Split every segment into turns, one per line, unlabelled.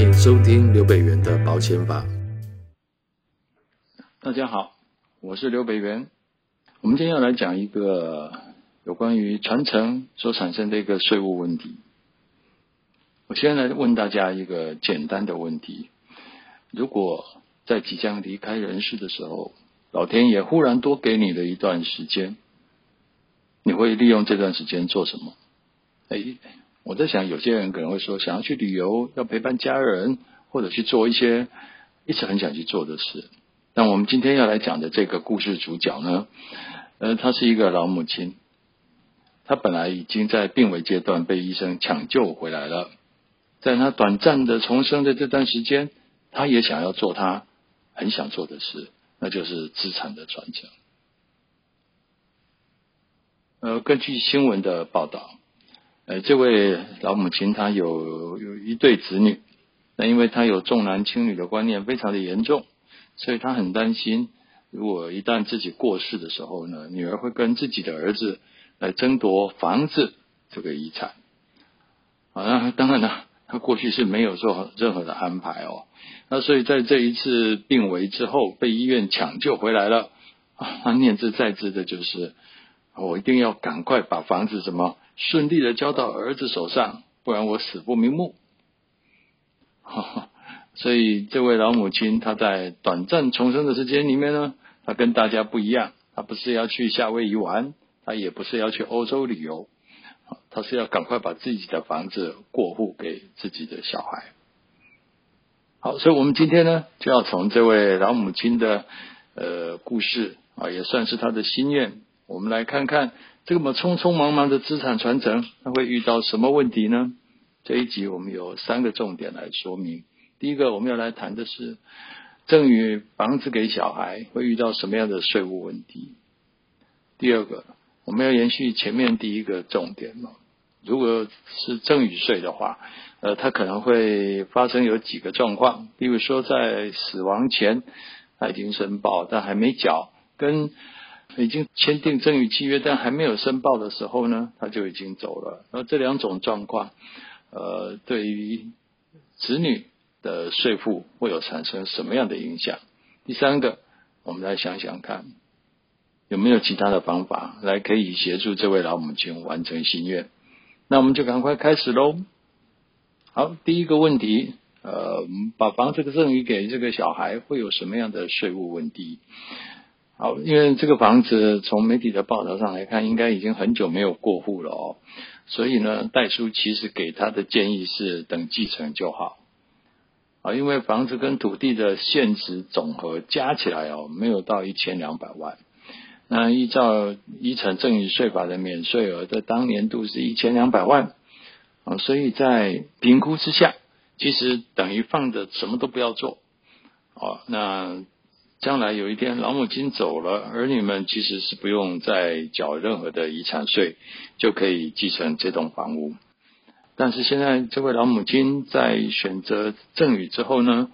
請收聽劉北元的保險法。大家好，我是劉北元。我們今天要來講一個有關於傳承所產生的一個稅務問題。我先來問大家一個簡單的問題：如果在即將離開人世的時候，老天爺忽然多給你了一段時間，你會利用這段時間做什麼？哎。我在想，有些人可能會說，想要去旅遊，要陪伴家人，或者去做一些一直很想去做的事。但我們今天要來講的這個故事主角呢，呃，他是一個老母親，他本來已經在病危階段被醫生搶救回來了，在他短暫的重生的這段時間，他也想要做他很想做的事，那就是資產的傳承。呃，根據新聞的報道。呃，這位老母親她有有一對子女，那因為她有重男輕女的觀念非常的嚴重，所以她很擔心，如果一旦自己過世的時候呢，女兒會跟自己的兒子來爭奪房子這個遺產。啊，當然了，她過去是沒有做任何的安排哦。那所以在這一次病危之後被醫院搶救回來了，她、啊、念茲在茲的就是，我一定要趕快把房子什麼。順利的交到兒子手上，不然我死不瞑目。 所以這位老母親，她在短暫重生的時間裡面呢，她跟大家不一樣，她不是要去夏威夷玩，她也不是要去歐洲旅遊，她是要趕快把自己的房子過戶給自己的小孩。好，所以我們今天呢，就要從這位老母親的呃故事啊，也算是他的心願。我們來看看這個匆匆忙忙的資產傳承，它會遇到什麼問題呢？這一集我們有三個重點來說明。第一個我們要來談的是贈與房子給小孩，會遇到什麼樣的稅務問題。第二個我們要延續前面第一個重點嘛，如果是贈與稅的話，呃，它可能會發生有幾個狀況，例如說在死亡前已經申報但還沒繳，跟已經簽訂贈與契約，但還沒有申報的時候呢，他就已經走了。那這兩種狀況，呃，對於子女的稅負會有產生什麼樣的影響？第三個，我們來想想看，有沒有其他的方法來可以協助這位老母親完成心願？那我們就趕快開始嘍。好，第一個問題，呃，我們把房子的贈與給這個小孩會有什麼樣的稅務問題？好，因為這個房子從媒體的報道上來看，應該已經很久沒有過戶了哦，所以呢，代書其實給他的建議是等繼承就好，啊，因為房子跟土地的現值總和加起來哦，沒有到一千兩百萬，那依照遺產贈與稅法的免稅額在當年度是一千兩百萬，所以在評估之下，其實等於放著什麼都不要做，那。將來有一天老母親走了，兒女們其實是不用再繳任何的遺產稅，就可以繼承這棟房屋。但是現在這位老母親在選擇贈與之後呢，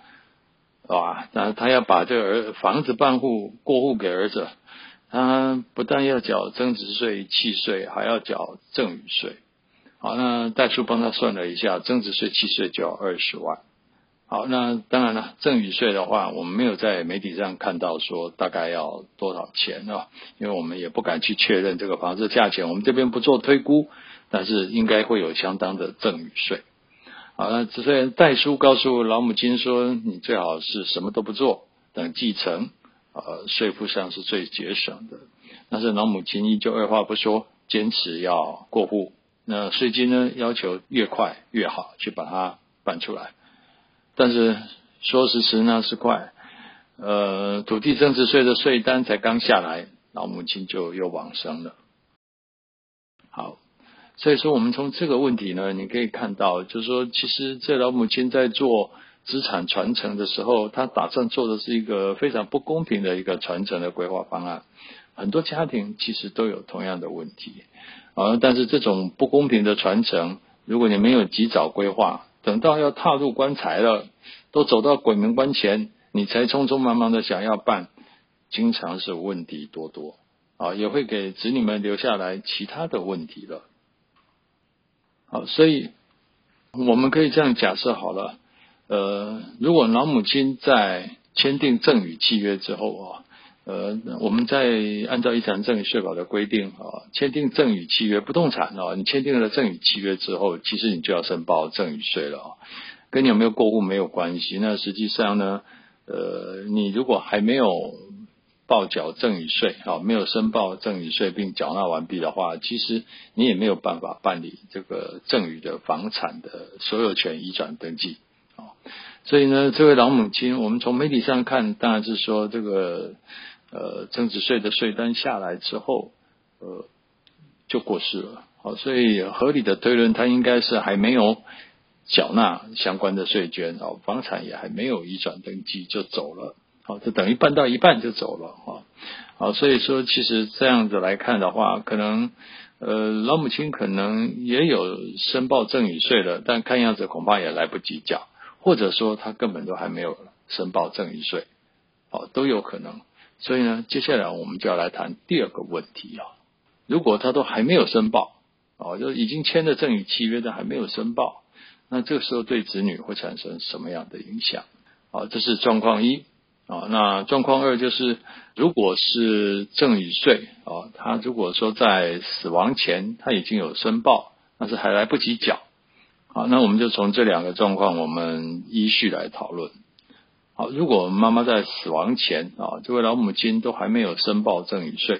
啊，那他要把這個兒房子辦戶過戶給兒子，他不但要繳增值稅、契稅，還要繳贈與稅。好，那代書幫他算了一下，增值稅、契稅就要二十萬。好，那當然了，贈與稅的話，我們沒有在媒體上看到說大概要多少錢啊、哦，因為我們也不敢去確認這個房子價錢，我們這邊不做推估，但是應該會有相當的贈與稅。好，那這雖然代書告訴老母親說，你最好是什麼都不做，等繼承，呃，稅負上是最節省的，但是老母親依舊二話不說，堅持要過戶。那稅金呢，要求越快越好，去把它辦出來。但是說時遲那時快，呃，土地增值稅的稅單才剛下來，老母親就又往生了。好，所以說我們從這個問題呢，你可以看到，就是說，其實這老母親在做資產傳承的時候，她打算做的是一個非常不公平的一個傳承的規劃方案。很多家庭其實都有同樣的問題，而、呃、但是這種不公平的傳承，如果你沒有及早規劃，等到要踏入棺材了，都走到鬼門關前，你才匆匆忙忙的想要辦，經常是問題多多啊，也會給子女們留下來其他的問題了。好，所以我們可以這樣假設好了，呃，如果老母親在簽訂贈與契約之後啊、哦。呃，我們在按照遺產贈與稅法的規定啊，簽訂贈與契約不動產啊，你簽訂了贈與契約之後，其實你就要申報贈與稅了啊，跟你有沒有過戶沒有關係。那實際上呢，呃、啊，你如果還沒有報繳贈與稅啊，沒有申報贈與稅並繳納完畢的話，其實你也沒有辦法辦理這個贈與的房產的所有權移轉登記啊。所以呢，這位老母親，我們從媒體上看，當然是說這個。呃，增值稅的稅單下來之後，呃，就過世了。好，所以合理的推論，他應該是還沒有繳納相關的稅捐，哦，房產也還沒有移轉登記就走了。好、哦，就等於辦到一半就走了。啊、哦，好，所以說其實這樣子來看的話，可能呃，老母親可能也有申報贈與稅的，但看樣子恐怕也來不及繳，或者說他根本都還沒有申報贈與稅，哦，都有可能。所以呢，接下來我們就要來談第二個問題啊、哦。如果他都還沒有申報，啊、哦，就已經簽了贈與契約，但還沒有申報，那這個時候對子女會產生什麼樣的影響？啊、哦，這是狀況一啊、哦。那狀況二就是，如果是贈與稅啊、哦，他如果說在死亡前他已經有申報，但是還來不及繳，啊、哦，那我們就從這兩個狀況，我們依序來討論。好，如果媽媽在死亡前啊，這位老母親都還沒有申報贈與稅，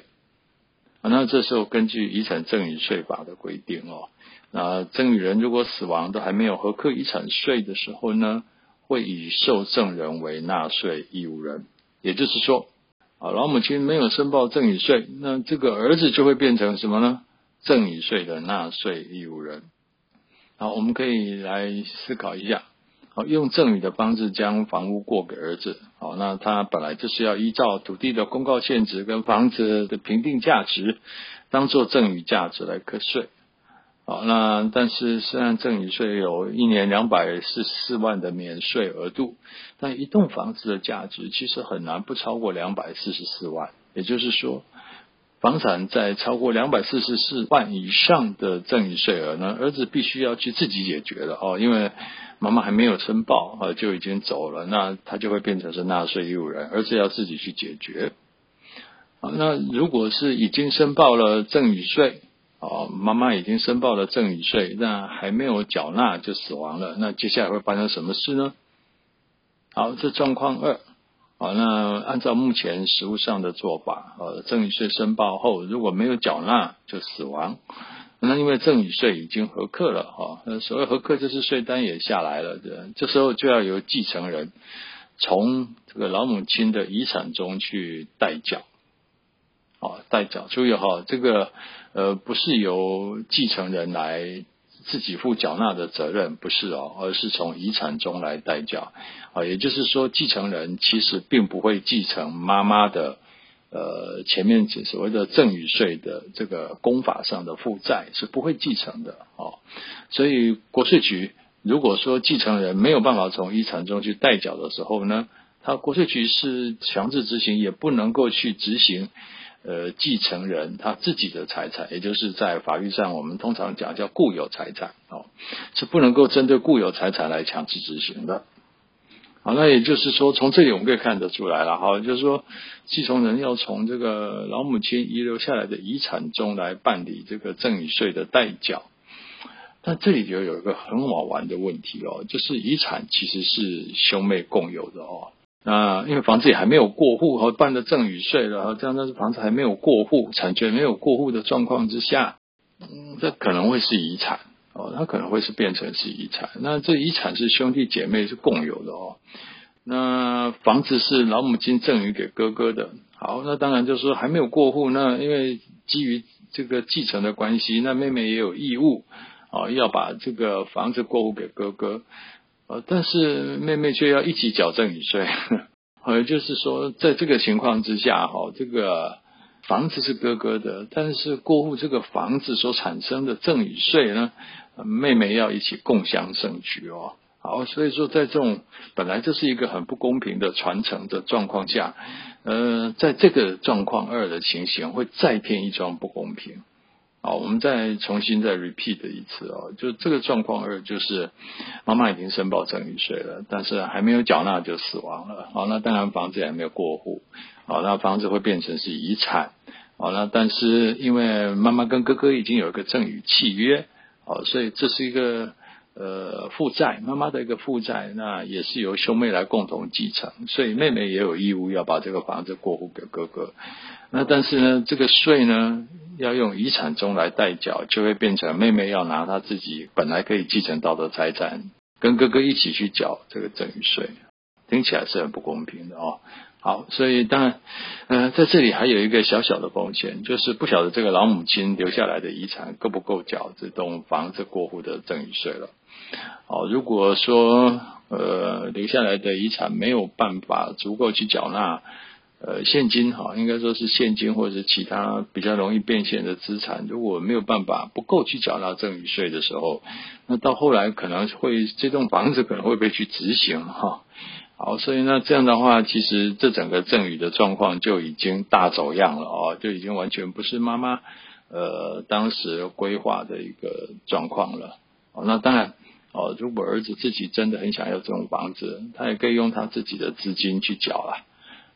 啊，那這時候根據遺產贈與稅法的規定哦，那贈與人如果死亡都還沒有核課遺產稅的時候呢，會以受贈人為納稅義務人。也就是說，啊，老母親沒有申報贈與稅，那這個兒子就會變成什麼呢？贈與稅的納稅義務人。好，我們可以來思考一下。好，用贈與的方式將房屋過給兒子。好，那他本來就是要依照土地的公告現值跟房子的評定價值，當做贈與價值來課稅。好，那但是雖然贈與稅有一年兩百四十四萬的免稅額度，但一棟房子的價值其實很難不超過兩百四十四萬，也就是說。房產在超過兩百四十四萬以上的贈與稅額呢，兒子必須要去自己解決的哦，因為媽媽還沒有申報啊，就已經走了，那他就會變成是納稅義務人，兒子要自己去解決。那如果是已經申報了贈與稅，啊，媽媽已經申報了贈與稅，那還沒有繳納就死亡了，那接下來會發生什麼事呢？好，這狀況二。好，那按照目前實務上的做法，呃，贈與稅申報後如果沒有繳納就死亡，那因為贈與稅已經核課了哈，那所謂核課就是稅單也下來了對，這時候就要由繼承人從這個老母親的遺產中去代繳，哦，代繳，注意哈，這個呃不是由繼承人來。自己負繳納的責任不是哦，而是從遺產中來代繳啊，也就是說，繼承人其實並不會繼承媽媽的呃前面所謂的贈與稅的這個公法上的負債，是不會繼承的哦，所以國稅局如果說繼承人沒有辦法從遺產中去代繳的時候呢，他國稅局是強制執行也不能夠去執行。呃，繼承人他自己的財產，也就是在法律上我們通常講叫固有財產，哦，是不能夠針對固有財產來強制執行的。好，那也就是說，從這裡我們可以看得出來了，哈，就是說繼承人要從這個老母親遺留下來的遺產中來辦理這個贈與稅的代繳。但這裡就有一個很好玩，玩的問題哦，就是遺產其實是兄妹共有的哦。啊，那因為房子也還沒有過戶，辦了贈與稅了，這樣，但是房子還沒有過戶，產權沒有過戶的狀況之下，嗯，這可能會是遺產哦，它可能會是變成是遺產。那這遺產是兄弟姐妹是共有的哦，那房子是老母親贈與給哥哥的，好，那當然就是說還沒有過戶。那因為基於這個繼承的關係，那妹妹也有義務啊、哦，要把這個房子過戶給哥哥。但是妹妹卻要一起繳贈與稅，也 就是說，在這個情況之下，哈，這個房子是哥哥的，但是過戶這個房子所產生的贈與稅呢，妹妹要一起共享盛舉哦。好，所以說在這種本來這是一個很不公平的傳承的狀況下，呃，在這個狀況二的情形會再添一樁不公平。好，我們再重新再 repeat 一次哦，就這個狀況二就是，媽媽已經申報贈與稅了，但是還沒有繳納就死亡了，好、哦，那當然房子也還沒有過戶，好、哦，那房子會變成是遺產，好、哦，那但是因為媽媽跟哥哥已經有一個贈與契約，好、哦，所以這是一個。呃，負債，媽媽的一個負債，那也是由兄妹來共同繼承，所以妹妹也有義務要把這個房子過戶給哥哥。那但是呢，這個稅呢，要用遺產中來代繳，就會變成妹妹要拿她自己本來可以繼承到的財產，跟哥哥一起去繳這個贈與稅，聽起來是很不公平的哦。好，所以當然，嗯、呃，在這裡還有一個小小的風險，就是不曉得這個老母親留下來的遺產夠不夠繳這棟房子過戶的贈與稅了。哦，如果說呃留下來的遺產沒有辦法足夠去繳納，呃現金哈、哦，應該說是現金或者是其他比較容易變現的資產，如果沒有辦法不夠去繳納贈與稅的時候，那到後來可能會這棟房子可能會被去執行哈、哦。好，所以那這樣的話，其實這整個贈與的狀況就已經大走樣了哦，就已經完全不是媽媽呃當時規劃的一個狀況了。哦，那當然。哦，如果兒子自己真的很想要這種房子，他也可以用他自己的資金去繳啊。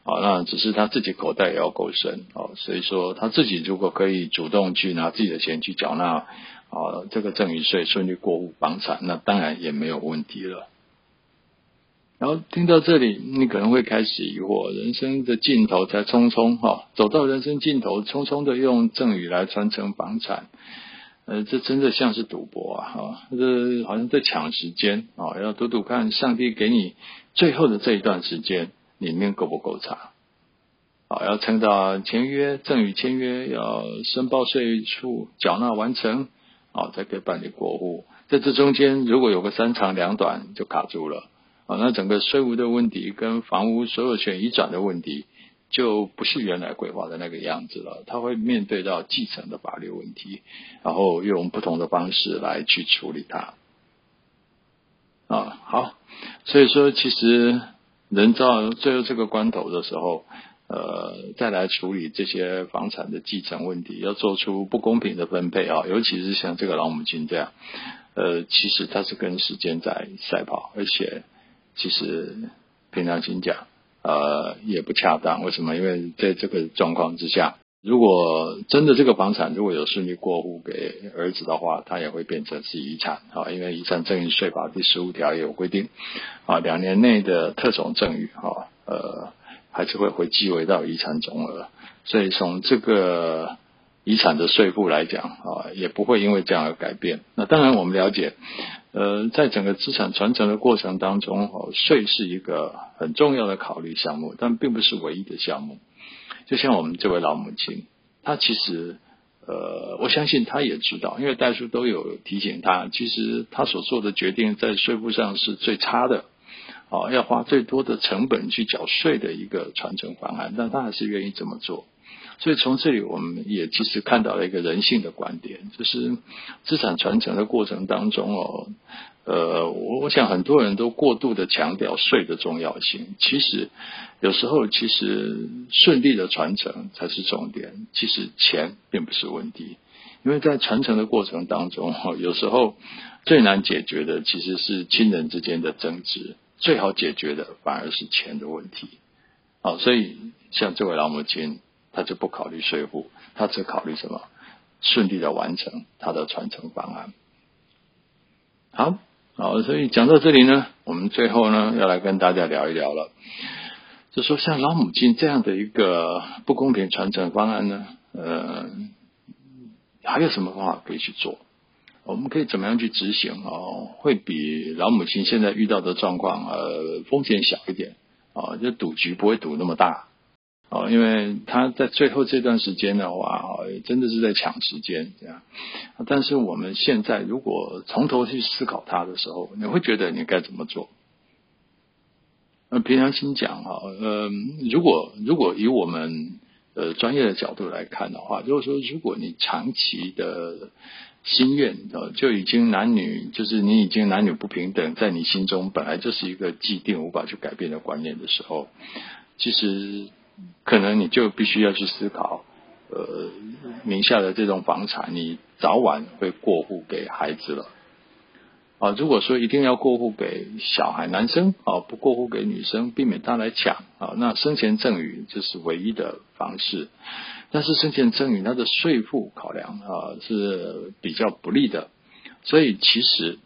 哦、那只是他自己口袋也要夠深哦。所以說，他自己如果可以主動去拿自己的錢去繳納啊、哦，這個贈與稅順利過戶房產，那當然也沒有問題了。然後聽到這裡，你可能會開始疑惑：人生的盡頭才匆匆哈、哦，走到人生盡頭，匆匆的用贈與來傳承房產。呃，這真的像是賭博啊！哈、啊，這好像在搶時間啊，要賭賭看上帝給你最後的這一段時間裡面夠不夠長。好、啊，要撐到簽約、贈與簽約，要申報稅處繳納完成，啊、才可以辦理過戶。在這中間，如果有個三長兩短就卡住了，啊，那整個稅務的問題跟房屋所有權移轉的問題。就不是原來規劃的那個樣子了，他會面對到繼承的法律問題，然後用不同的方式來去處理它。啊，好，所以說其實人到最後這個關頭的時候，呃，再來處理這些房產的繼承問題，要做出不公平的分配啊，尤其是像這個老母親這樣，呃，其實他是跟時間在賽跑，而且其實平常心講。呃，也不恰當。為什麼？因為在這個狀況之下，如果真的這個房產如果有順利過戶給兒子的話，他也會變成是遺產啊，哦。因為遺產贈與稅法第十五條也有規定啊，兩年內的特種贈與啊，呃，還是會回計為到遺產總額。所以從這個遺產的稅負來講啊，哦，也不會因為這樣而改變。那當然，我們了解。呃，在整個資產傳承的過程當中，哦，稅是一個很重要的考慮項目，但並不是唯一的項目。就像我們這位老母親，她其實呃，我相信她也知道，因為代書都有提醒她，其實她所做的決定在稅務上是最差的，哦，要花最多的成本去繳稅的一個傳承方案，但她還是願意這麼做。所以從這裡，我們也其實看到了一個人性的觀點，就是資產傳承的過程當中哦，呃，我我想很多人都過度的強調稅的重要性，其實有時候其實順利的傳承才是重點，其實錢並不是問題，因為在傳承的過程當中哦，有時候最難解決的其實是親人之間的爭執，最好解決的反而是錢的問題，好，哦，所以像這位老母親。他就不考慮稅負，他只考慮什麼？順利的完成他的傳承方案。好，好，所以講到這裡呢，我們最後呢要來跟大家聊一聊了，就說像老母親這樣的一個不公平傳承方案呢，呃，還有什麼方法可以去做？我們可以怎麼樣去執行哦？會比老母親現在遇到的狀況呃風險小一點啊、哦？啊，哦，就賭局不會賭那麼大。哦，因為他在最後這段時間的話，哦，真的是在搶時間這樣。但是我們現在如果從頭去思考他的時候，你會覺得你該怎麼做？那平常心講哈，呃，如果如果以我們呃專業的角度來看的話，如果說如果你長期的心願，呃，就已經男女就是你已經男女不平等，在你心中本來就是一個既定無法去改變的觀念的時候，其實。可能你就必須要去思考，呃，名下的這種房產，你早晚會過戶給孩子了，啊、呃，如果說一定要過戶給小孩男生，啊、呃，不過戶給女生，避免他來搶，啊、呃，那生前贈與這是唯一的方式，但是生前贈與它的稅負考量啊、呃、是比較不利的，所以其實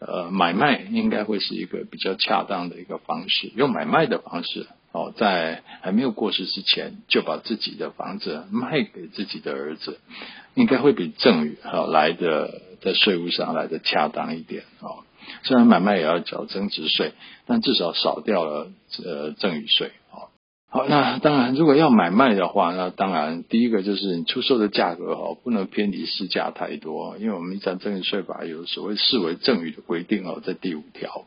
呃買賣應該會是一個比較恰當的一個方式，用買賣的方式。哦，在還沒有過世之前，就把自己的房子賣給自己的兒子，應該會比贈與哈來的在稅務上來的恰當一點哦，雖然買賣也要繳增值稅，但至少少掉了呃贈與稅哦。
好，那當
然，如果要買賣的話，那當然第一個就是你出售的價格哦，不能偏離市價太多，因為我們講贈與稅法有所謂視為贈與的規定哦，在第五條。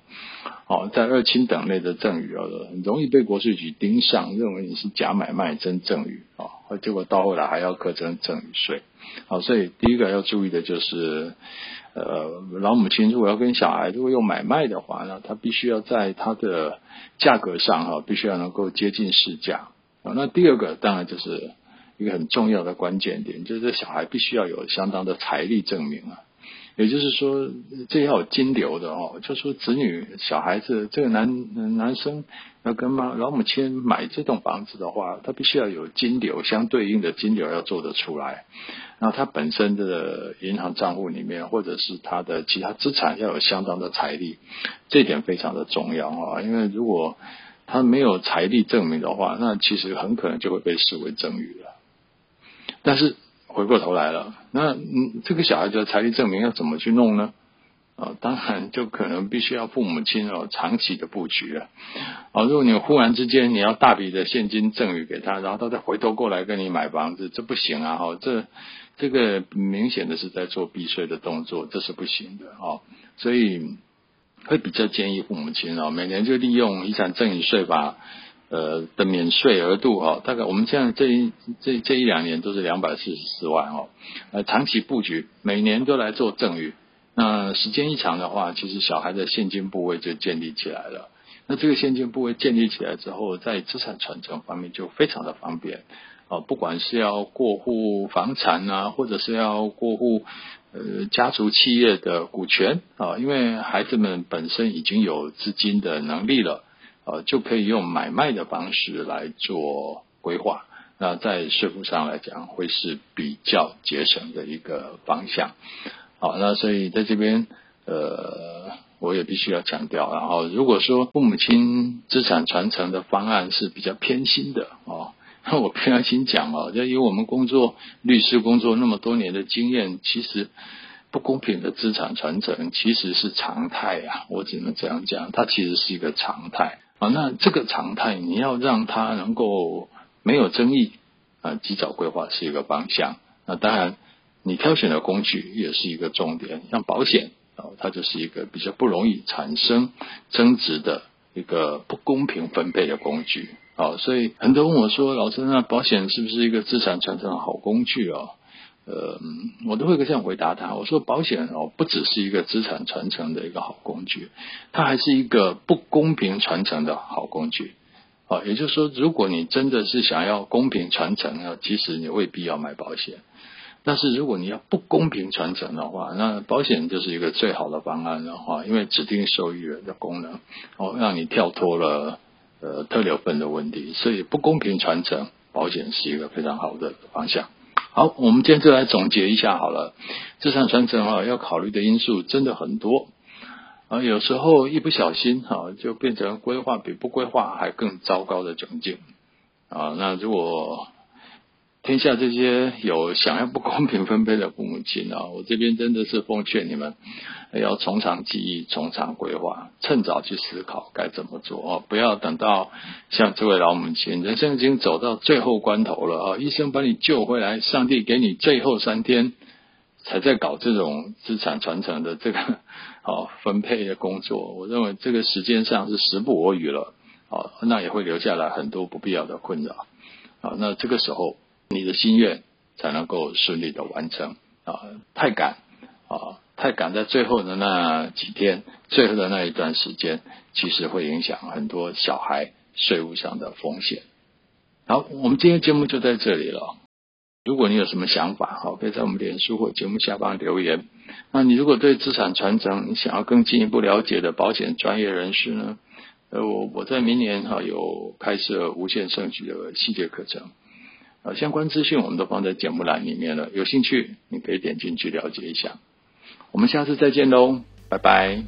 哦，在二親等內的贈與哦，很容易被國稅局盯上，認為你是假買賣真贈與啊，結果到後來還要課徵贈與稅。好，所以第一個要注意的就是，呃，老母親如果要跟小孩如果有買賣的話呢，他必須要在他的價格上哈，必須要能夠接近市價啊。那第二個當然就是一個很重要的關鍵點，就是小孩必須要有相當的財力證明啊。也就是說，這要有金流的哦。就說、是、子女、小孩子，這個男男生要跟媽老母親買這棟房子的話，他必須要有金流，相對應的金流要做得出來。那他本身的銀行賬戶裡面，或者是他的其他資產要有相當的財力，這點非常的重要哦。因為如果他沒有財力證明的話，那其實很可能就會被視為贈與了。但是。回過頭來了，那這個小孩的財力證明要怎麼去弄呢？啊、哦，當然就可能必須要父母親哦長期的布局了、啊哦。如果你忽然之間你要大筆的現金贈與給他，然後他再回頭過來跟你買房子，這不行啊！哦，這這個明顯的是在做避稅的動作，這是不行的哦。所以會比較建議父母親哦，每年就利用遺產贈與稅法呃的免稅額度哦，大概我們現在這一這這一兩年都是兩百四十四萬哦，呃長期布局每年都來做贈與，那時間一長的話，其實小孩的現金部位就建立起來了。那這個現金部位建立起來之後，在資產傳承方面就非常的方便啊、哦，不管是要過戶房產啊，或者是要過戶呃家族企業的股權啊、哦，因為孩子們本身已經有資金的能力了。呃、哦，就可以用買賣的方式來做規劃。那在稅務上來講，會是比較節省的一個方向。好，那所以在這邊，呃，我也必須要強調。然後，如果說父母親資產傳承的方案是比較偏心的哦，那我平常心講哦，就因為我們工作律師工作那麼多年的經驗，其實不公平的資產傳承其實是常態啊。我只能這樣講，它其實是一個常態。啊、哦，那這個常態，你要讓它能夠沒有爭議，啊、呃，及早規劃是一個方向。那、啊、當然，你挑選的工具也是一個重點。像保險啊、哦，它就是一個比較不容易產生增值的一個不公平分配的工具。啊、哦，所以很多問我說，老師，那保險是不是一個資產傳承的好工具啊、哦？呃，我都會這樣回答他。我說，保險哦，不只是一個資產傳承的一個好工具，它還是一個不公平傳承的好工具。啊、哦，也就是說，如果你真的是想要公平傳承啊，其實你未必要買保險。但是如果你要不公平傳承的話，那保險就是一個最好的方案的話，因為指定受益人的功能，哦，讓你跳脫了呃特留分的問題，所以不公平傳承保險是一個非常好的方向。好，我們今天就來總結一下好了。資產傳承哈，要考慮的因素真的很多，啊，有時候一不小心哈，啊，就變成規劃比不規劃還更糟糕的窘境啊。那如果，天下這些有想要不公平分配的父母親啊，我這邊真的是奉勸你們，要從長計議，從長規劃，趁早去思考該怎麼做啊、哦，不要等到像這位老母親，人生已經走到最後關頭了啊、哦，醫生把你救回來，上帝給你最後三天，才在搞這種資產傳承的這個啊、哦、分配的工作，我認為這個時間上是時不我與了啊、哦，那也會留下來很多不必要的困擾啊、哦，那這個時候。你的心願才能夠順利的完成啊！太趕啊！太趕在最後的那幾天，最後的那一段時間，其實會影響很多小孩稅務上的風險。好，我們今天節目就在這裡了。如果你有什麼想法，好，可以在我們臉書或節目下方留言。那你如果對資產傳承，你想要更進一步了解的保險專業人士呢，呃，我我在明年哈有開設無限勝局的系列課程。呃，相關資訊我們都放在節目欄裡面了，有興趣你可以點進去了解一下。我們下次再見嘍，拜拜。